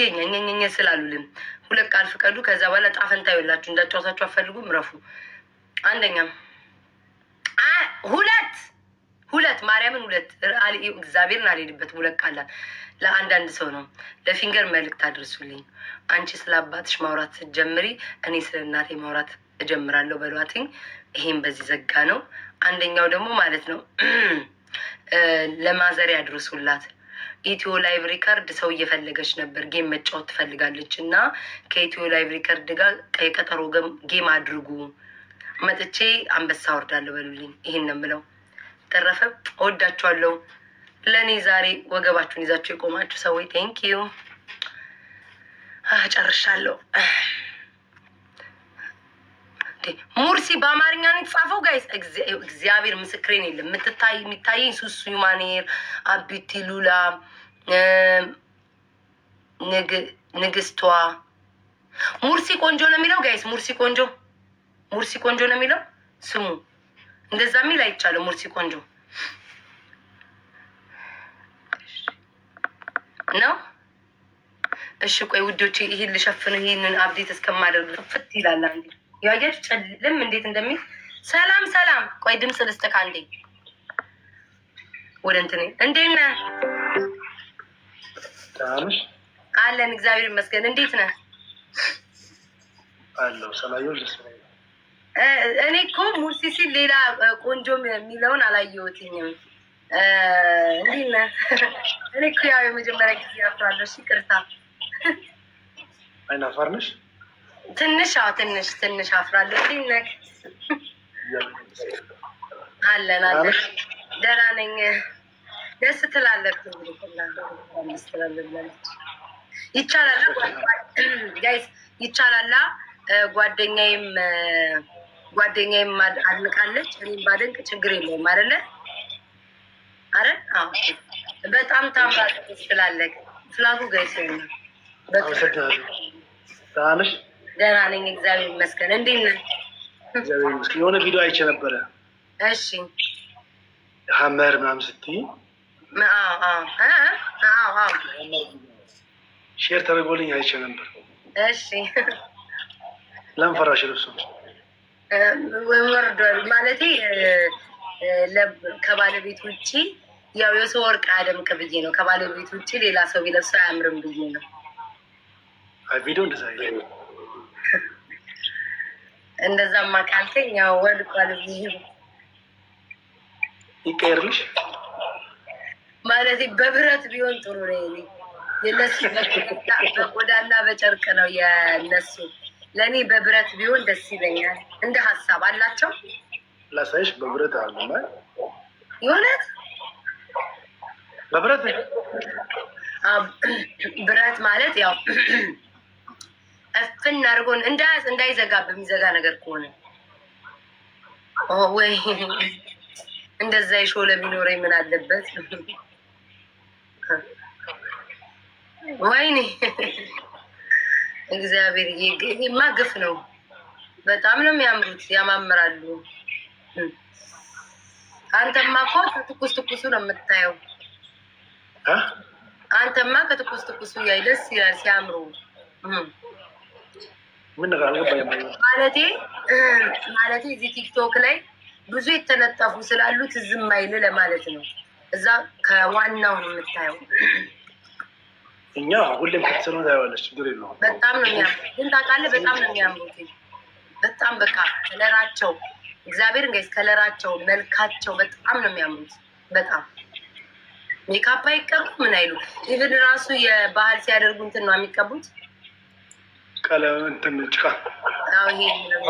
ይሄኛኛኛኛ ስላሉልን ሁለት ቃል ፍቀዱ። ከዛ በኋላ ጣፈንታ ይላችሁ እንዳጫወታችሁ አፈልጉ ምረፉ። አንደኛም ሁለት ሁለት ማርያምን ሁለት እግዚአብሔርን አልሄድበትም። ሁለት ቃላት ለአንዳንድ ሰው ነው። ለፊንገር መልእክት አድርሱልኝ። አንቺ ስለ አባትሽ ማውራት ስትጀምሪ እኔ ስለ እናቴ ማውራት እጀምራለሁ በሏትኝ። ይሄም በዚህ ዘጋ ነው። አንደኛው ደግሞ ማለት ነው ለማዘሪያ አድርሱላት ኢትዮ ላይቭ ሪከርድ ሰው እየፈለገች ነበር። ጌም መጫወት ትፈልጋለች እና ከኢትዮ ላይቭ ሪከርድ ጋር የቀጠሮ ጌም አድርጉ። መጥቼ አንበሳ ወርዳለሁ በሉልኝ። ይሄን ነው የምለው። ተረፈ እወዳችኋለሁ። ለእኔ ዛሬ ወገባችሁን ይዛችሁ የቆማችሁ ሰዎች ቴንክ ዩ። ጨርሻለሁ። ሙርሲ በአማርኛ ነው የተጻፈው። ጋይስ እግዚአብሔር ምስክሬን የለም የምትታይ የሚታየኝ ሱሱ ማኔር አቢቲ ሉላ ንግስቷ ሙርሲ ቆንጆ ነው የሚለው ጋይስ፣ ሙርሲ ቆንጆ ሙርሲ ቆንጆ ነው የሚለው ስሙ። እንደዛ የሚል አይቻልም። ሙርሲ ቆንጆ ነው። እሺ ቆይ ውዶች፣ ይህን ልሸፍኑ። ይህንን አብዴት እስከማደርግ ፍት ይላል። አንዴ ያያችሁ ጨልም እንዴት እንደሚል ሰላም ሰላም። ቆይ ድምፅ ልስጥ ከአንዴ ወደ እንትኔ እንዴት አለን እግዚአብሔር ይመስገን። እንዴት ነህ? እኔ እኮ ሙርሲ ሲል ሌላ ቆንጆም የሚለውን አላየሁትኝም። እንዴት ነህ? እኔ እኮ ያው የመጀመሪያ ጊዜ አፍራለሁ። ይቅርታ። አይን አፋር ነሽ? ትንሽ አዎ፣ ትንሽ ትንሽ አፍራለሁ። እንዴት ነህ? አለን አለን፣ ደህና ነኝ። ደስ ትላለህ ይቻላላ። ጓደኛዬም ጓደኛዬም አድንቃለች፣ እኔም ባደንቅ ችግር የለውም አይደለ? አረ በጣም ታምራለች ትላለህ። ፍላጉ ገይስ ነው። ደህና ነኝ እግዚአብሔር ይመስገን። እንዴት ነህ? የሆነ ቪዲዮ አይቼ ነበረ። እሺ ሀመር ምናምን ስትይ ሼር ተደርጎልኝ አይቼ ነበር። እሺ ለምን ፈራሽ? ልብሱ ወርዷል ማለቴ ከባለቤት ውጭ ያው የሰው ወርቅ አደምቅ ብዬ ነው። ከባለቤት ውጭ ሌላ ሰው ቢለብሱ አያምርም ብዬ ነው። ቪዲዮ እንደዛ እንደዛማ ካልከኝ ያው ወድቋል ብዬ ይቀየርልሽ ማለት በብረት ቢሆን ጥሩ ነው። የነሱ በቆዳና በጨርቅ ነው የነሱ። ለእኔ በብረት ቢሆን ደስ ይለኛል። እንደ ሀሳብ አላቸው ላሳይሽ። በብረት አሉ የእውነት በብረት ብረት ማለት ያው እፍን አድርጎን እንዳይዘጋ በሚዘጋ ነገር ከሆነ ወይ እንደዛ የሾለ ቢኖረኝ ምን አለበት? ወይኔ እግዚአብሔር ይሄማ ግፍ ነው። በጣም ነው የሚያምሩት፣ ያማምራሉ። አንተማ እኮ ከትኩስ ትኩሱ ነው የምታየው። አንተማ ከትኩስ ትኩሱ ያይ ደስ ይላል ሲያምሩ። ማለቴ ማለቴ እዚህ ቲክቶክ ላይ ብዙ የተነጠፉ ስላሉ ትዝም አይል ለማለት ነው። እዛ ከዋናው ነው የምታየው። እኛ ሁሌም ክትሰሩ ታየዋለች። ችግር የለውም። በጣም ነው የሚያ ግን ታውቃለህ፣ በጣም ነው የሚያምሩት። በጣም በቃ ከለራቸው እግዚአብሔር እንግዲህ ከለራቸው፣ መልካቸው በጣም ነው የሚያምሩት። በጣም ሜካፕ አይቀቡ ምን አይሉ። ኢቭን ራሱ የባህል ሲያደርጉ እንትን ነው የሚቀቡት ቀለም እንትን ጭቃ ይሄ ነው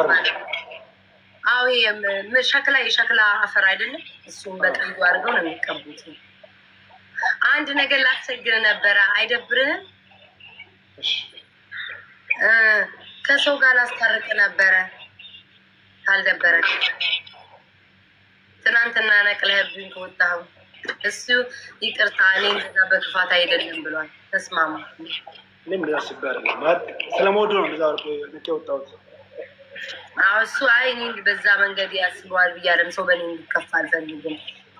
አዎ ሸክላ የሸክላ አፈር አይደለም። እሱም በጥንጉ አድርገው ነው የሚቀቡት። አንድ ነገር ላትሰግር ነበረ። አይደብርህም? ከሰው ጋር ላስታርቅ ነበረ ካልደበረ ትናንትና ነቅለህብኝ ከወጣሁ እሱ ይቅርታ፣ እኔ እንደዛ በክፋት አይደለም ብሏል። ተስማማ። ስለመወዱ ነው ወጣሁት እሱ አይ እኔ በዛ መንገድ ያስበዋል ብያለም ሰው በእኔ እንዲከፋ አልፈልግም።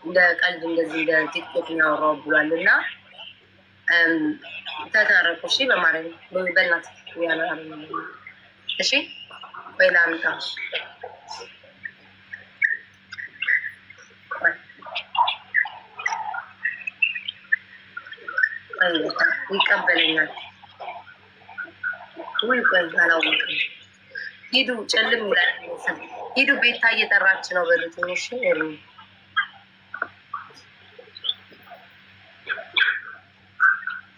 እንደ ቀልድ እንደዚህ እንደ ቲክቶክ የሚያወራው ብሏል እና ተታረቁ። እሺ በማለት በእናት ያለ እሺ ወይ ላምጣ ይቀበለኛል ወይ አላወቅም ሂዱ፣ ጨልም ይላል። ሂዱ፣ ቤታ እየጠራች ነው በሉት። እሺ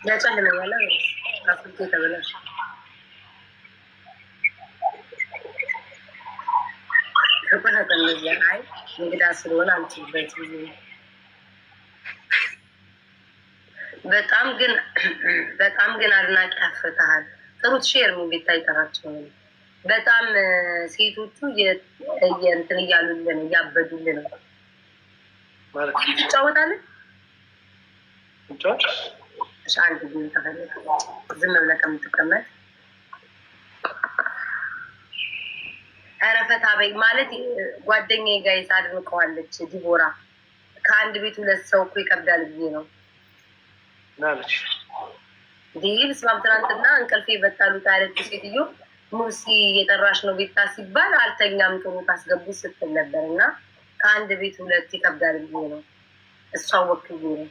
ለጨልም ያለ አፍልቶ ተበላሽ አይ እንግዳ ስለሆነ አንችልበት በጣም ግን በጣም ግን አድናቂ አፍርተሃል። ጥሩት ሼር ቤታ ይጠራቸው በጣም ሴቶቹ እንትን እያሉልን እያበዱልን ነው። ትጫወታለን አንድ ጊዜ ተፈለገ ዝም ብለህ ከምትቀመጥ ኧረ በይ ማለት ጓደኛዬ ጋር አድንቀዋለች ዲቦራ። ከአንድ ቤት ሁለት ሰው እኮ ይከብዳል ብዬ ነው ናለች። ዲህ ብስማም ትናንትና እንቅልፌ በጣሉ ታያለች ሴትዮ ሙሲ የጠራሽ ነው ቤታ ሲባል አልተኛም ጥሩ ታስገቡ ስትል ነበር። እና ከአንድ ቤት ሁለት ይከብዳል ብዬ ነው እሷ ወክዬ ነው።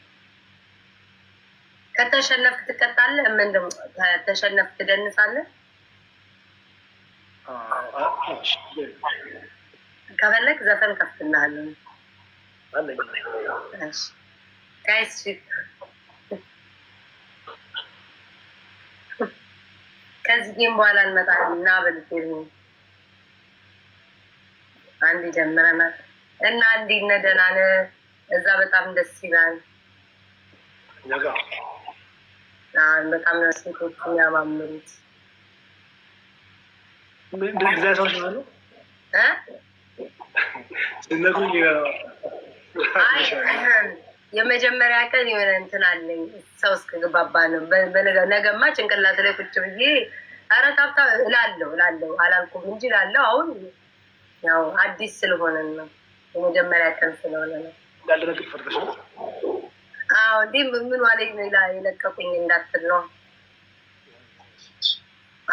ከተሸነፍክ ትቀጣለህ። ምን ደግሞ ከተሸነፍክ ትደንሳለህ። ከፈለግ ዘፈን ከፍትናለ ጋይስ ከዚህም በኋላ እንመጣለን እና በልቤ አንድ ጀምረናል እና አንድ ነህ? እዛ በጣም ደስ ይላል። በጣም ነው ሴቶቹ የሚያማምሩት። ሰዎች የመጀመሪያ ቀን የሆነ እንትን አለኝ ሰው እስክግባባ ነው። ነገማ ጭንቅላት ላይ ቁጭ ብዬ ኧረ ካብታ እላለሁ እላለሁ አላልኩም እንጂ እላለሁ። አሁን ያው አዲስ ስለሆነ ነው የመጀመሪያ ቀን ስለሆነ ነው። አዎ እንዲህ ምን ዋለኝ የለቀቁኝ እንዳትል ነው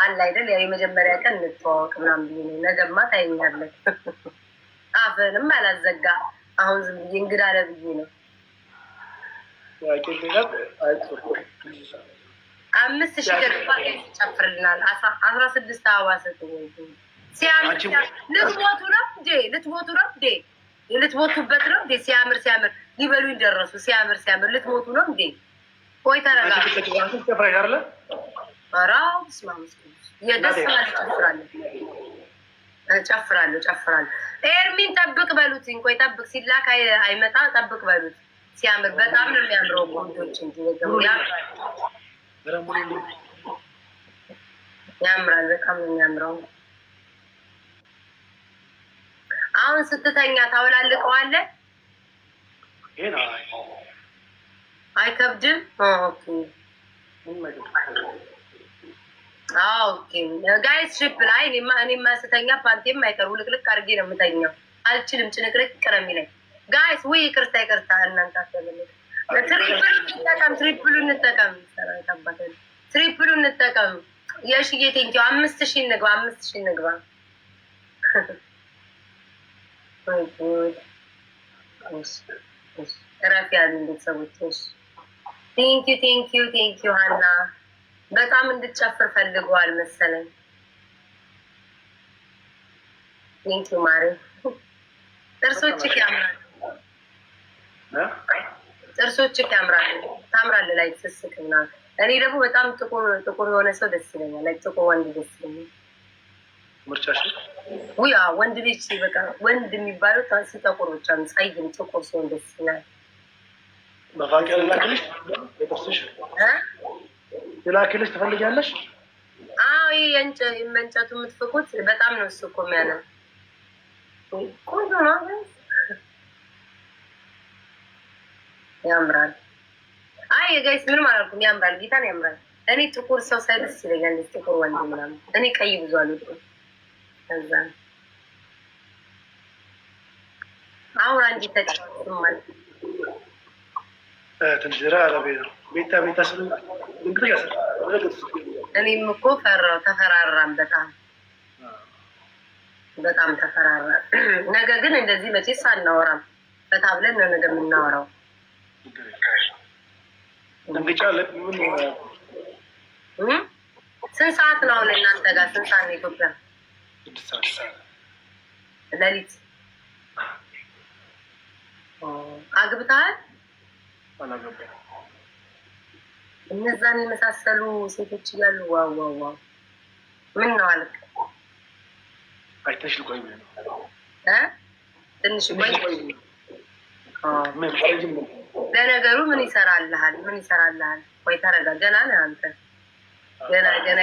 አለ አይደል? ያው የመጀመሪያ ቀን እንተዋወቅ ምናምን ብዬ ነው። ነገማ ታይኛለህ። አፍንም አላዘጋ አሁን ዝም ብዬ እንግዳ ለብዬ ነው አምስት ሺህ ገባ ይጨፍርልናል። አስራ ስድስት አበባ ሲያምር ልትሞቱ ነው እንዴ? ልትሞቱ ነው እንዴ? ልትሞቱበት ነው እንዴ? ሲያምር ሲያምር ሊበሉ ይደረሱ። ሲያምር ሲያምር ልትሞቱ ነው እንዴ? ጨፍራለሁ ጨፍራለሁ ኤርሚን ጠብቅ በሉትኝ። ቆይ ጠብቅ ሲላክ አይመጣ ጠብቅ በሉት ሲያምር በጣም ነው የሚያምረው። ወንዶች ያምራል፣ በጣም ነው የሚያምረው። አሁን ስትተኛ ታውላልቀዋለህ? አይከብድም። ጋይስ ሽፕ ላይ እኔማ ስተኛ ፓንቴም አይቀር ውልቅልቅ አድርጌ ነው የምተኛው። አልችልም፣ ጭንቅልቅ ቅረሚ ላይ ጋይስ ወይ ይቅርታ ይቅርታ፣ እናንተ እንጠቀም፣ ትሪፕሉ እንጠቀም፣ ትሪፕሉ እንጠቀም። የሽዬ ቴንኪ አምስት ሺ እንግባ፣ አምስት ሺ እንግባ። እረፍ ያሉ ቤተሰቦች ቴንኪ ቴንኪ ቴንኪ። ሀና በጣም እንድጨፍር ፈልገዋል መሰለኝ። ቴንኪ ማሪ ጥርሶች ያምራል። ሰዎች ያምራል ታምራል ላይ ስስክ ምናምን። እኔ ደግሞ በጣም ጥቁር ጥቁር የሆነ ሰው ደስ ይለኛል። ላይ ጥቁር ወንድ ደስ ይለኛል። ምርጫሽ ውያ ወንድ ልጅ በቃ ወንድ የሚባለው ታንስ ጠቁር ብቻ ነው። ጸይም ጥቁር ሲሆን ደስ ይላል። ላክልሽ ትፈልጊያለሽ? አዎ ይህ የእንጨቱ የምትፍቁት በጣም ነው እሱ እኮ የሚያለ ቆንጆ ነው። ያምራል። አይ የጋይስ ምንም አላልኩም። ያምራል፣ ጌታን ያምራል። እኔ ጥቁር ሰው ሳይ ደስ ይለኛል። ጥቁር ወንድ ምናምን። እኔ ቀይ ብዙ አልወድም። ከዛ አሁን አንድ ተጫማል ትንሽራ ቤታ ቤታ ስል እኔም እኮ ፈራው። ተፈራራም በጣም በጣም ተፈራራ። ነገ ግን እንደዚህ መቼስ አናወራም። በታብለን ነው ነገ የምናወራው። ስንት ሰዓት ነው አሁን እናንተ ጋር ስንት ሰዓት ነው ኢትዮጵያ አግብተሃል እነዛን የመሳሰሉ ሴቶች እያሉ ዋው ዋው ዋው ምን ነው አልክ ትንሽ ቆይ ለነገሩ ምን ይሰራልሃል? ምን ይሰራልሃል? ወይ ተረጋ። ገና ነህ አንተ። ገና ገና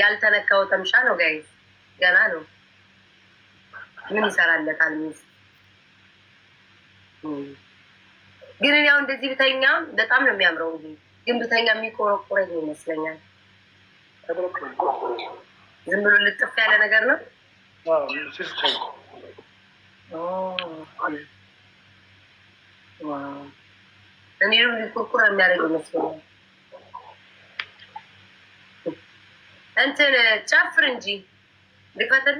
ያልተነካው ተምሻ ነው ጋይ፣ ገና ነው። ምን ይሰራለታል? ሚስ ግን ያው እንደዚህ ብተኛ በጣም ነው የሚያምረው። እ ግን ብተኛ የሚቆረቆረኝ ይመስለኛል። ዝም ብሎ ልጥፍ ያለ ነገር ነው። ዋው እኔም ሊኩርኩር የሚያደርገው ይመስለኛል። እንትን ጨፍር እንጂ ልክፈትል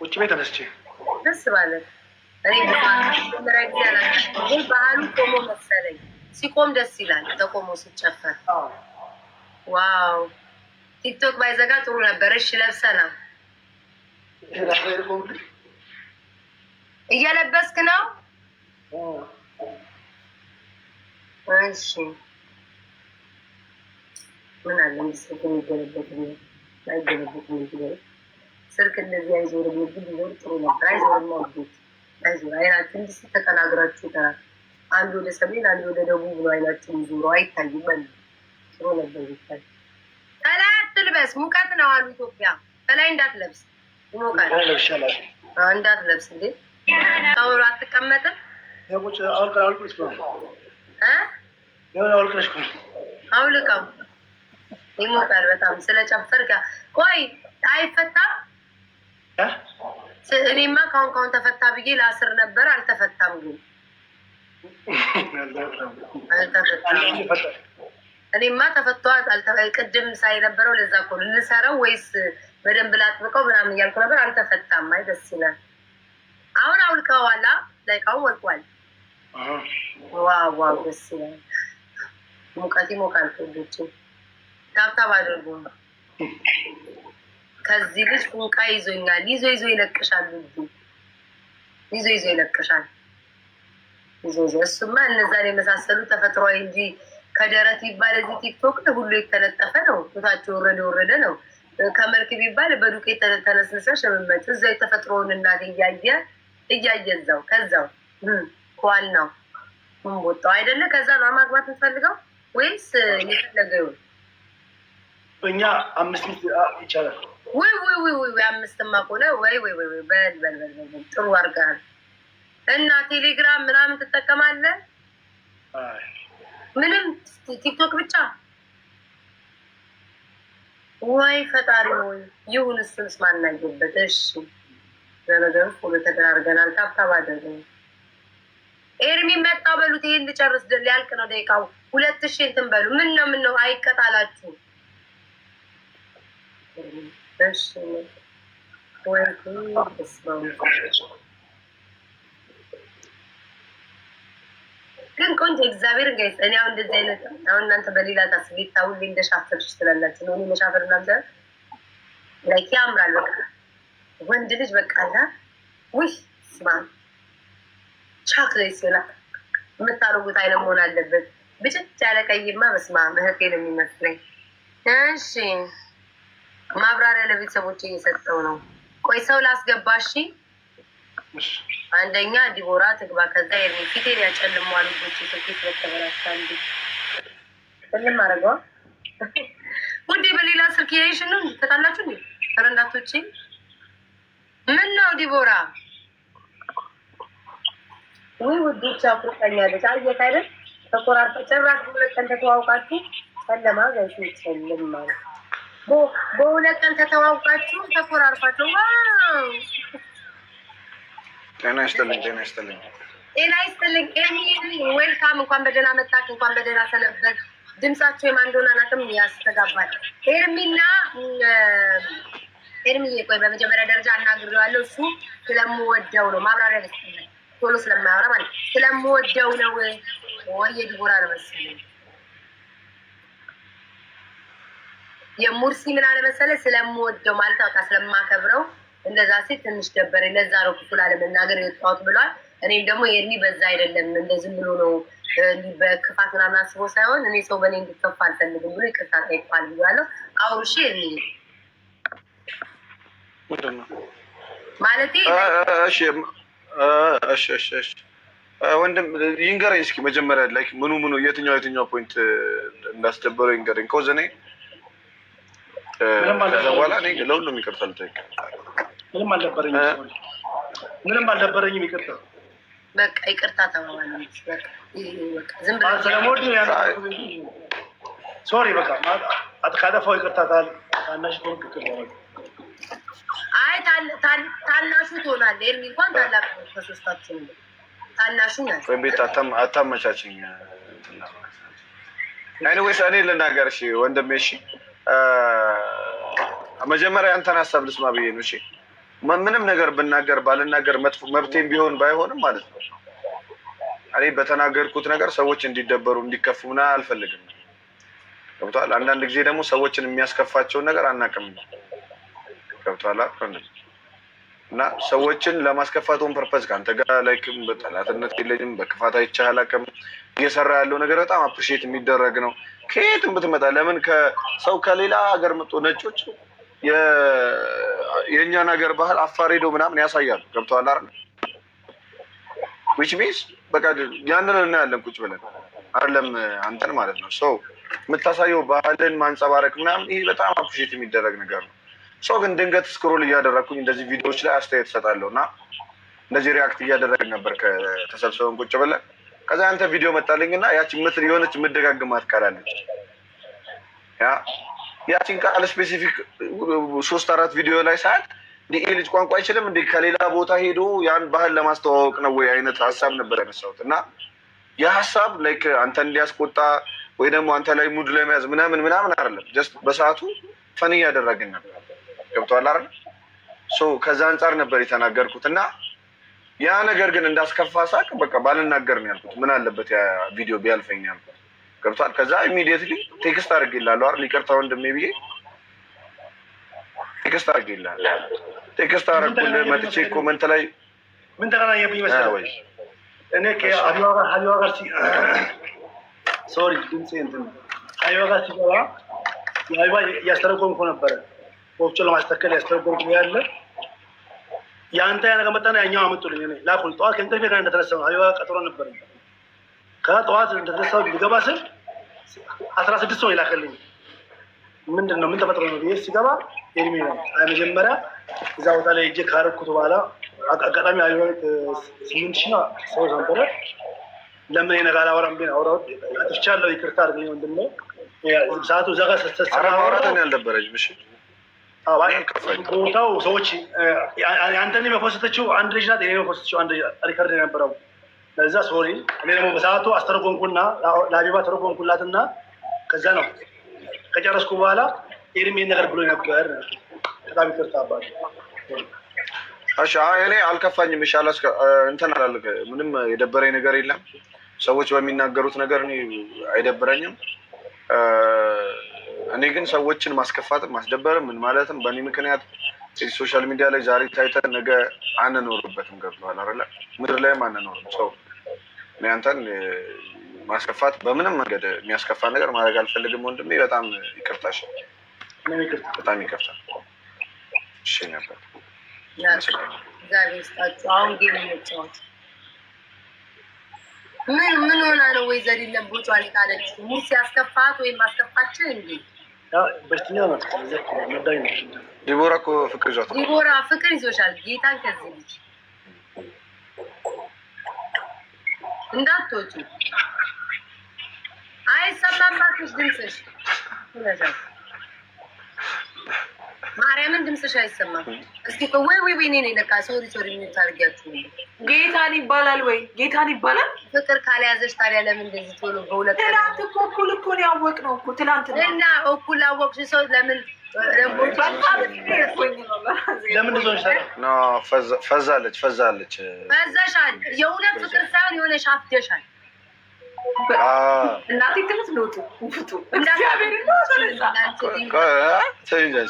ቁጭ ቤት ተነስቼ ደስ ባለት እኔ ባህሉ ቆሞ መሰለኝ። ሲቆም ደስ ይላል። ተቆሞ ሲጨፈር ዋው። ቲክቶክ ባይዘጋ ጥሩ ነበር። እሺ ለብሰና እየለበስክ ነው እሺ ምን አለ ምስልክ የሚገለበት ስልክ እንደዚህ አይዞር ቢኖር ጥሩ ነበር። አይዞር። አይናችሁ ይጠራል። አንድ ወደ ሰሜን አንድ ወደ ደቡብ አይናችሁ ዞሮ አይታይም። ጥሩ ነበር ከላይ አትልበስ ሙቀት ነው አሉ ኢትዮጵያ። ከላይ እንዳትለብስ እንዳትለብስ እንዴ ሰው አትቀመጥም። የሆነ አውልቀው ይሞቃል። በጣም ስለጨፈርክ ቆይ አይፈታም። እኔማ ካሁን ካሁን ተፈታ ብዬ ለአስር ነበር፣ አልተፈታም። ግን እኔማ ተፈቷ ቅድም ሳይ ነበረው። ለዛ እኮ ልንሰረው ወይስ በደንብ ላጥብቀው ምናምን እያልኩ ነበር። አልተፈታም። አይ ደስ ይላል። አሁን አውልቀዋላ ላይቃው ወልቋል። አዋሩ ደስ ይላል። ሙቀት ይሞቃል። ቶሎች ታብታብ አድርጉ። ከዚህ ልጅ ቁንቃ ይዞኛል። ይዞ ይዞ ይለቅሻል። ልጁ ይዞ ይዞ ይለቅሻል። ይዞ ይዞ እሱማ እነዛን የመሳሰሉ ተፈጥሯዊ እንጂ ከደረት ቢባል እዚህ ቲክቶክ ሁሉ የተለጠፈ ነው። ቦታቸው ወረደ ወረደ ነው። ከመልክ ቢባል በዱቄት ተነስንሰሽ የምመጭ እዛ የተፈጥሮውን እናት እያየ እያየ እዛው ከዛው ዋናው ወጣ አይደለ? ከዛ ነው ማግባት እንፈልገው ወይስ የፈለገ ይሁን። እኛ አምስት ይቻላል ወይ ወይ ወይ ወይ አምስትማ ከሆነ ወይ ወይ ወይ ወይ በል በል በል ጥሩ አድርገሃል። እና ቴሌግራም ምናምን ትጠቀማለህ? ምንም ቲክቶክ ብቻ ወይ ፈጣሪ ሆይ ይሁን። እሱንስ ማናየበት። እሺ ለነገሩ ሁሉ ተደራርገናል። ታብታብ አደረገ ኤርሚ መጣ በሉት። ይሄን ልጨርስ ሊያልቅ ነው ደቂቃው። ሁለት ሺ እንትን በሉ። ምን ነው ምን ነው አይቀጣላችሁ። ግን ቆንጆ እግዚአብሔር ጋይስ፣ እኔ አሁን እንደዚህ አይነት አሁን እናንተ በሌላ ታስቤታ ሁሌ እንደሻፈርሽ ትላላችሁ ነው። መሻፈር እናንተ ላይክ ያምራል። በቃ ወንድ ልጅ በቃ ውይ ስማ ቻክሬት ይሆናል የምታረጉት አይነት መሆን አለበት። ብጭት ያለ ቀይማ መስማ ምህርቴ ነው የሚመስለኝ። እሺ ማብራሪያ ለቤተሰቦች እየሰጠው ነው። ቆይ ሰው ላስገባ። እሺ አንደኛ ዲቦራ ትግባ። ከዛ የሚ ፊቴን ያጨልመዋል። ልጆች ስኬት በተበላሻሉ። ምንም አረገዋል። ውዴ በሌላ ስልክ ያይሽ ነው ትታላችሁ። እንዴ? ረንዳቶቼ ምን ነው ዲቦራ ውይ ውዶች አፍርታኛለች። አይደል ጭራሽ በሁለት ቀን ተተዋውቃችሁ ጨለማ ጋይቶ ጨልም ማለት በሁለት ቀን ተተዋውቃችሁ ጤና ይስጥልኝ፣ ጤና ይስጥልኝ፣ ጤና ይስጥልኝ። ዌልካም እንኳን በደህና መጣች፣ እንኳን በደህና ሰነበት። ድምጻቸው የማን እንደሆነ ያስተጋባል። ኤርሚና ኤርሚ ቆይ፣ በመጀመሪያ ደረጃ አናግሬዋለሁ። እሱ ስለምወደው ነው ማብራሪያ ደስ ቶሎ ስለማያወራ ማለት ስለምወደው ነው። ወይ የዲቦራ አለመሰለኝ የሙርሲ ምን አለመሰለ ስለምወደው ማለት አውቃ ስለማከብረው እንደዛ ሴት ትንሽ ደበረ። ለዛ ነው ክፍል አለመናገር የወጣሁት ብሏል። እኔም ደግሞ የኒ በዛ አይደለም እንደዚህ ብሎ ነው በክፋት ምናምን አስቦ ሳይሆን እኔ ሰው በእኔ እንዲከፋ አልፈልግም ብሎ ይቅርታ ጠይቋል ብያለሁ። አውርሽ ማለት ማለቴ እሺ እሺ እሺ ወንድም ይንገረኝ እስኪ መጀመሪያ ላይ ምኑ ምኑ የትኛው የትኛው ፖይንት እንዳስደበረው ይንገረኝ። ከወዘ እኔ በኋላ እኔ ለሁሉም ይቅርታ ልጠይቅ። ምንም አልደበረኝም፣ ምንም አልነበረኝም። ይቅርታ በቃ ይቅርታ ተባባለች። ስለሞድ ሶሪ በቃ ካጠፋው ይቅርታ ታናሽ ሆን ክክል አይ ታናሹ ትሆናለህ። ኤርሚ እንኳን ታላቅ ከሶስታችን ታናሹ ናት። ቤት አታመቻችኝ። ኤኒዌይስ እኔ ልናገር እሺ፣ ወንድሜ እሺ። መጀመሪያ አንተን ሀሳብ ልስማ ብዬ ነው። እሺ ምንም ነገር ብናገር ባልናገር መጥፎ መብቴም ቢሆን ባይሆንም ማለት ነው። እኔ በተናገርኩት ነገር ሰዎች እንዲደበሩ እንዲከፉ ምና አልፈልግም። ገብቶሃል? አንዳንድ ጊዜ ደግሞ ሰዎችን የሚያስከፋቸውን ነገር አናውቅም። ገብቷል እና ሰዎችን ለማስከፋቱን ፐርፐዝ ከአንተ ጋር ላይክ በጠላትነት የለኝም፣ በክፋት አይቼህ አላውቅም። እየሰራ ያለው ነገር በጣም አፕሪሺየት የሚደረግ ነው። ከየትም ብትመጣ ለምን ከሰው ከሌላ ሀገር መጡ ነጮች የእኛን ሀገር ባህል አፋሬዶ ምናምን ያሳያሉ። ገብተዋል አ ዊች ሚንስ በቃ ያንን እናያለን ቁጭ ብለን አለም አንተን ማለት ነው ሰው የምታሳየው ባህልን ማንጸባረቅ ምናምን፣ ይሄ በጣም አፕሪሺየት የሚደረግ ነገር ነው። ሰው ግን ድንገት ስክሮል እያደረግኩኝ እንደዚህ ቪዲዮዎች ላይ አስተያየት እሰጣለሁ እና እንደዚህ ሪያክት እያደረግን ነበር ከተሰብሰበን ቁጭ ብለን። ከዛ አንተ ቪዲዮ መጣልኝ እና ያቺን ምትል የሆነች የምደጋግማት ቃል ያ ያቺን ቃል ስፔሲፊክ ሶስት አራት ቪዲዮ ላይ ሰዓት ይህ ልጅ ቋንቋ አይችልም እንዲህ ከሌላ ቦታ ሄዶ ያን ባህል ለማስተዋወቅ ነው ወይ አይነት ሀሳብ ነበር ያነሳሁት እና የሀሳብ ላይክ አንተ እንዲያስቆጣ ወይ ደግሞ አንተ ላይ ሙድ ለመያዝ ምናምን ምናምን አይደለም። ጀስት በሰዓቱ ፈን እያደረግን ነበር ገብተዋል አይደል? ሶ ከዛ አንጻር ነበር የተናገርኩት እና ያ ነገር ግን እንዳስከፋ ሳቅ በቃ ባልናገር ነው ያልኩት። ምን አለበት ያ ቪዲዮ ቢያልፈኝ ያልኩት ገብቷል። ከዛ ኢሚዲየትሊ ቴክስት አድርጌልሃለሁ አይደል? ይቅርታ ወንድሜ ብዬ ቴክስት አድርጌልሃለሁ። ቴክስት አደረኩልህ መጥቼ ኮመንት ላይ ምን ተገናኘብኝ መሰለህ? እኔ ከአቢዋ ጋር ሶሪ ድምፅ እንትን ሀቢዋ ጋር ሲገባ የሀቢዋ እያስተረጎምኩ ነበረ ወፍጮ ለማስተከል ያስተረጎርኩ ያለ የአንተ ያ ነገር መጣና ያኛው አመጡልኝ። እኔ ላኩል ጠዋት ከእንቅልፌ ጋር እንደተነሳ ነው አቢባ ቀጥሮ ነበር። ከጠዋት እንደተነሳ ሊገባ ስል አስራ ስድስት ሰው ይላከልኝ። ምንድን ነው ምን ተፈጥሮ ነው ብዬ ሲገባ ኤድሜ ነው መጀመሪያ እዛ ቦታ ላይ እጄ ካረኩት በኋላ አጋጣሚ አቢባ ስምንት ሺ ሰው ነበረ። ለምን ነገር አላወራም? ቤን አውራ አጥፍቻለሁ፣ ይቅርታ አድርገኝ ወንድም ነው ሰዓቱ እዛ ጋር ሰራ አውራተን ያልነበረች ምሽል ቦታው ሰዎች አንተን የመኮሰተችው አንድ ልጅ ናት። የኔ መኮሰተችው አንድ ሪከርድ የነበረው ለዛ ሶሪ። እኔ ደግሞ በሰዓቱ አስተረጎንኩና ለአቢባ ተረጎንኩላትና ከዛ ነው ከጨረስኩ በኋላ ኤርሜ ነገር ብሎ ነበር። በጣም ይቅርታ እሺ እኔ አልከፋኝም። ይሻል እንትን አላልክ። ምንም የደበረኝ ነገር የለም። ሰዎች በሚናገሩት ነገር እኔ አይደብረኝም። እኔ ግን ሰዎችን ማስከፋትም ማስደበርም ምን ማለትም በእኔ ምክንያት ሶሻል ሚዲያ ላይ ዛሬ ታይተን ነገ አንኖርበትም። ገብተዋል አለ ምድር ላይም አንኖርም። ሰው እኔ ማስከፋት በምንም መንገድ የሚያስከፋ ነገር ማድረግ አልፈልግም ወንድሜ። በጣም ይቅርታሽ፣ በጣም ይቅርታ። እሺ ነበር። እግዚአብሔር ይስጣችሁ። አሁን ጌም መጫወት ምን ምን ሆና ነው ወይዘሪ ለቦጫ ላይ ካለች ያስከፋት ወይም አስከፋች እንዴ? ዲቦራ እኮ ፍቅር ይዟታል። ዲቦራ ፍቅር ይዞሻል። ጌታን ከዚህ ልጅ እንዳትወጪ። አይሰማማትሽ ድምፅሽ ማርያምን ድምፅሽ አይሰማም። እስኪ ወይ ወይ ወይ ኔ ለካ ሶሪ ሶሪ የሚታርጊያችሁ ጌታን ይባላል ወይ ጌታን ይባላል። ፍቅር ካልያዘሽ ታዲያ ለምን እንደዚህ ቶሎ በሁለት ትላንት እኮ እኩል እኮ ነው ያወቅነው እኮ ነው እና እኩል አወቅሽ ሰው ለምን ፈዛለች ፈዛለች ፈዛሻል። የእውነት ፍቅር ሳይሆን የሆነ ሻፍደሻል እናቴ ትምህርት ኖቱ ውፍቱ እግዚአብሔር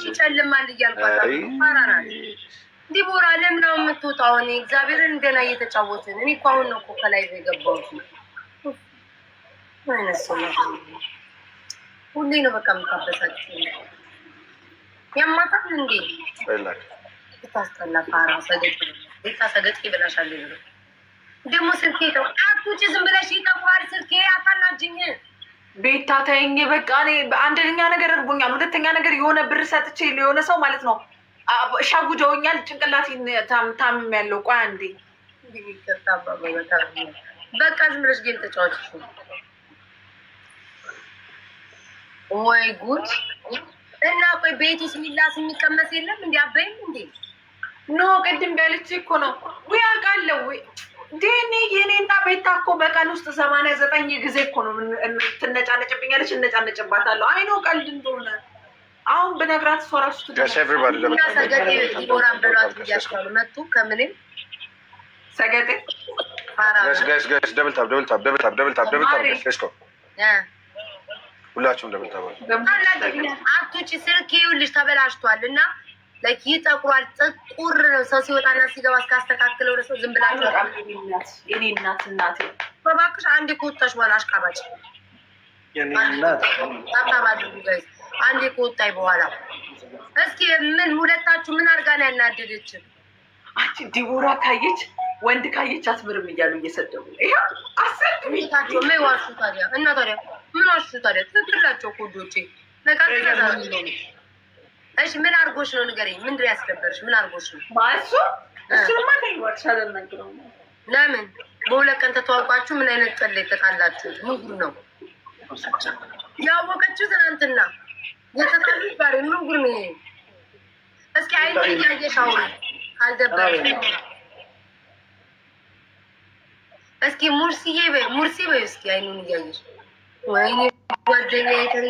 ይጨልማል እያልኳት ዲቦራ ለምን አሁን የምትወጣው? እኔ እግዚአብሔርን ገና እየተጫወትን እኔ እኮ አሁን ነው እኮ ከላይ የገባሁት። ሁሌ ነው በቃ የምታበሳጭ ያማጣል እንዴ ታስጠላ ፋራ ሰገጥ ቤታ ሰገጥ ይበላሻል ብሎ ደግሞ ስልኬ ተው አትውጪ፣ ዝም ብለሽ ይጠቁራል ስልኬ። አታናጅኝ ቤታ ተይኝ በቃ። እኔ አንደኛ ነገር እርቦኛል፣ ሁለተኛ ነገር የሆነ ብር ሰጥቼ የሆነ ሰው ማለት ነው ሻጉደውኛል፣ ጭንቅላቴን ታምሜያለሁ። ቆይ አንዴ በቃ ዝም ብለሽ ጌም ተጫዋች። ወይ ጉድ! እና ቆይ ቤትስ ሚላስ የሚቀመስ የለም እንዲ አበይም እንዴ? ኖ ቅድም በልቼ እኮ ነው ውይ የኔና ቤታ እኮ በቀን ውስጥ ሰማንያ ዘጠኝ ጊዜ እኮ ነው ትነጫነጭብኛለች፣ እነጫነጭባታለሁ። አይኖ ቀልድ እንደሆነ አሁን ብነግራት እሷ እራሱ መጡ ከምንም ሰገጤ ሁላችሁም ደብል ታብ አትውጪ፣ ስልክ ይኸውልሽ ተበላሽቷል እና ላይክ ይጠቁራል፣ ጥቁር ነው። ሰው ሲወጣና ሲገባ እስካስተካክለው ነው። ዝም ብላችሁ እኔ እናት እናት በባክሽ አንዴ ከወጣሽ በኋላ አሽቃባጭ አንዴ ከወጣኝ በኋላ እስኪ ምን ሁለታችሁ ምን አድርጋ ነው ያናደደችን? አንቺ ዲቦራ ካየች ወንድ ካየች አትምርም እያሉ እየሰደቡ አሰር ቤታቸው ምን ዋሹ ታዲያ? እና ታዲያ ምን ዋሹ ታዲያ? ትክክላቸው ኮዶቼ ነቃ እሺ ምን አድርጎሽ ነው ንገረኝ። ምንድን ያስደበርሽ? ምን አድርጎሽ ነው? እሱ እሱማ ተይዋልሻለ ነግረው ለምን በሁለት ቀን ተተዋውቃችሁ ምን አይነት ጠላ የተጣላችሁት? ምን ጉድ ነው ያወቀችው? ትናንትና የተጣሉ ጋር ምን ጉድ ነው? እስኪ አይን እያየሽ አውሪ ካልደበረሽ። እስኪ ሙርሲዬ ሙርሲ በይ እስኪ አይኑን እያየሽ ወይኔ ጓደኛዬ ተሪ